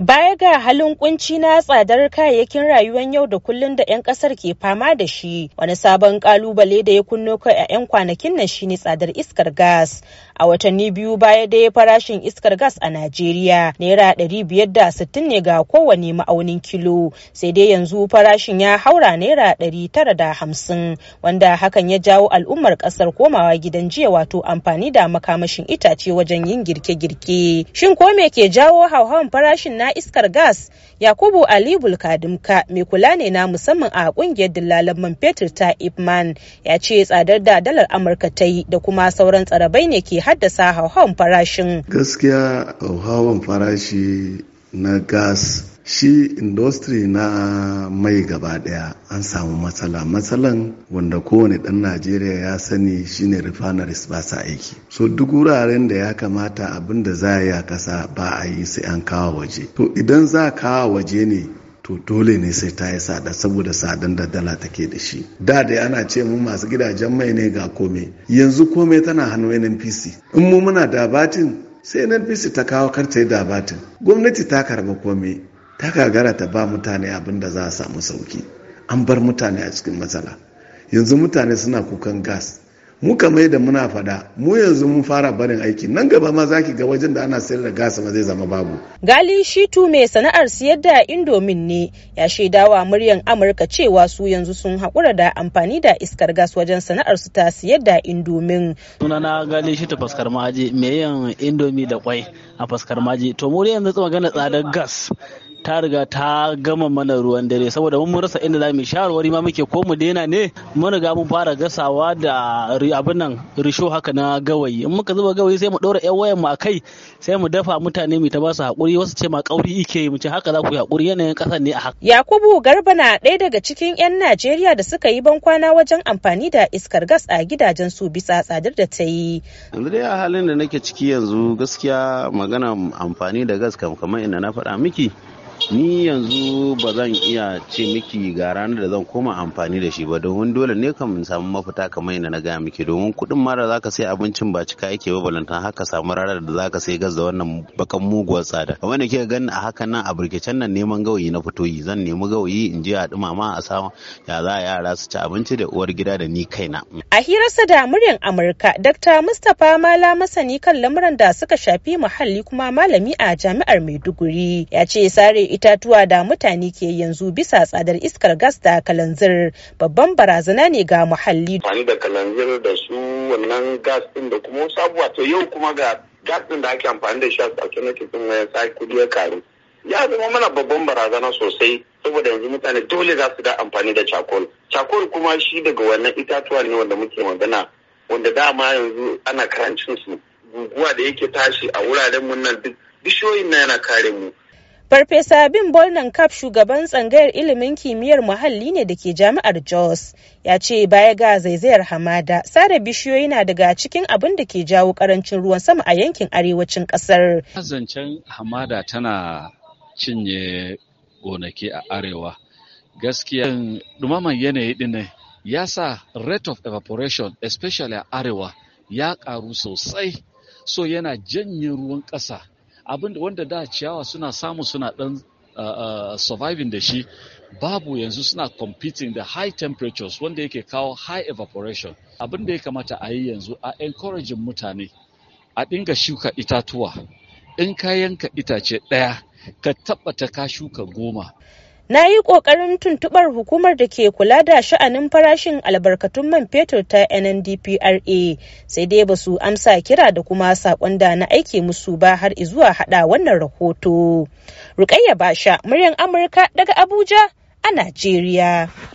Baya ga halin kunci na tsadar kayayyakin rayuwar yau da kullum da 'yan kasar ke fama da shi, wani sabon kalubale da ya kunno kai a 'yan kwanakin nan shine tsadar iskar gas. A watanni biyu baya da ya farashin iskar gas a Najeriya naira ɗari biyar da sittin ne ga kowane ma'aunin kilo, sai dai yanzu farashin ya haura naira ɗari tara da hamsin, wanda hakan ya jawo al'ummar kasar komawa gidan jiya wato amfani da makamashin itace wajen yin girke-girke. Shin ko me ke jawo hauhawan farashin na na iskar gas yakubu ali bulkadimka mai kula ne na musamman a kungiyar dillalan man fetur ta ipman ya ce tsadar da dalar amurka ta yi da kuma sauran tsarabai ne ke haddasa hauhawan farashin gaskiya hauhawan farashi na gas shi industry na mai gaba daya an samu matsala matsalan wanda kowane dan najeriya ya sani shine refineries ba sa aiki so duk wuraren da ya kamata abin da za a yi a kasa ba a yi sai an kawo waje to idan za a kawo waje ne to dole ne sai ta yi sada saboda sadan da dala take da shi da dai ana ce mu masu gidajen mai ne ga kome yanzu kome tana hannu hannun npc in mu muna dabatin sai npc ta kawo karta yi dabatin gwamnati ta karba komai. ta gagara ta ba mutane abin da za a samu sauki an bar mutane a cikin matsala yanzu mutane suna kukan gas mu kamar da muna fada mu yanzu mun fara barin aiki nan gaba ma zaki ga wajen da ana sayar da gas ma zai zama babu gali shitu mai sana'ar siyar da indomin ne ya shaidawa muryan amurka cewa su yanzu sun haƙura da amfani da iskar gas wajen sana'ar su ta siyar da indomin sunana gali shitu faskar maji mai yin indomi da kwai a faskar maji to mu yanzu magana tsadar gas ta riga ta gama mana ruwan dare saboda mun rasa inda za mu shawarwari ma muke ko mu daina ne mun riga mun fara gasawa da abin nan risho haka na gawayi in muka zuba gawayi sai mu ɗora 'yan wayan mu akai sai mu dafa mutane mu ta ba su haƙuri wasu ce ma kauri ike mu ce haka za ku yi haƙuri yanayin kasan ne a haka. Yakubu Garba na ɗaya daga cikin 'yan Najeriya da suka yi bankwana wajen amfani da iskar gas a gidajen su bisa tsadar da ta yi. Yanzu dai a halin da nake ciki yanzu gaskiya magana amfani da gas kam kamar inda na faɗa miki ni yanzu ba zan iya ce miki ga ranar da zan koma amfani da shi ba domin dole ne kam samu mafita kamar yadda na gaya miki domin kuɗin mara za ka sai abincin ba cika yake ba balantan haka samu ranar da za ka sai gaza wannan bakan muguwar tsada kamar da kika gani a hakan nan a burkicen nan neman gawayi na fito yi zan nemi gawayi in je a dumama a sama ya za a yara su ci abinci da uwar gida da ni kaina a hirarsa da muryar amurka dr mustapha mala masani kan lamuran da suka shafi muhalli kuma malami a jami'ar maiduguri ya ce sare itatuwa da mutane ke yanzu bisa tsadar iskar gas da kalanzir babban barazana ne ga muhalli. Wani da kalanzir da su wannan gas ɗin da kuma wasu abubuwa to yau kuma ga gas ɗin da ake amfani da shi a na ɗin ya sa kuɗi ya karu. Ya zama mana babban barazana sosai saboda yanzu mutane dole za su da amfani da cakol. Cakol kuma shi daga wannan itatuwa ne wanda muke magana wanda dama yanzu ana karancin su guguwa da yake tashi a wuraren mun nan duk bishiyoyin na yana kare mu Farfesa Bin Bolnan Kap shugaban tsangayar ilimin kimiyyar muhalli ne da ke jami'ar Jos ya ce baya ga zaizayar hamada sare bishiyoyi na daga cikin abin da ke jawo karancin ruwan sama a yankin arewacin kasar. Zancen hamada tana cinye gonaki a arewa. Gaskiya dumaman yanayi din ne ya sa rate of evaporation especially a arewa ya karu sosai so yana janye ruwan ƙasa abin wanda da ciyawa suna samu suna dan uh, surviving da shi babu yanzu suna competing da high temperatures wanda yake kawo high evaporation abin da ya kamata a yi yanzu a encourage mutane a dinga shuka itatuwa in ka yanka itace ɗaya ka tabbata ka shuka goma Na yi ƙoƙarin tuntuɓar hukumar da ke kula da sha'anin farashin albarkatun man fetur ta NNDPRA sai dai ba su amsa kira da kuma saƙon da na aiki musu ba har zuwa haɗa wannan rahoto. Rukayya Basha, muryan Amurka daga Abuja a Najeriya.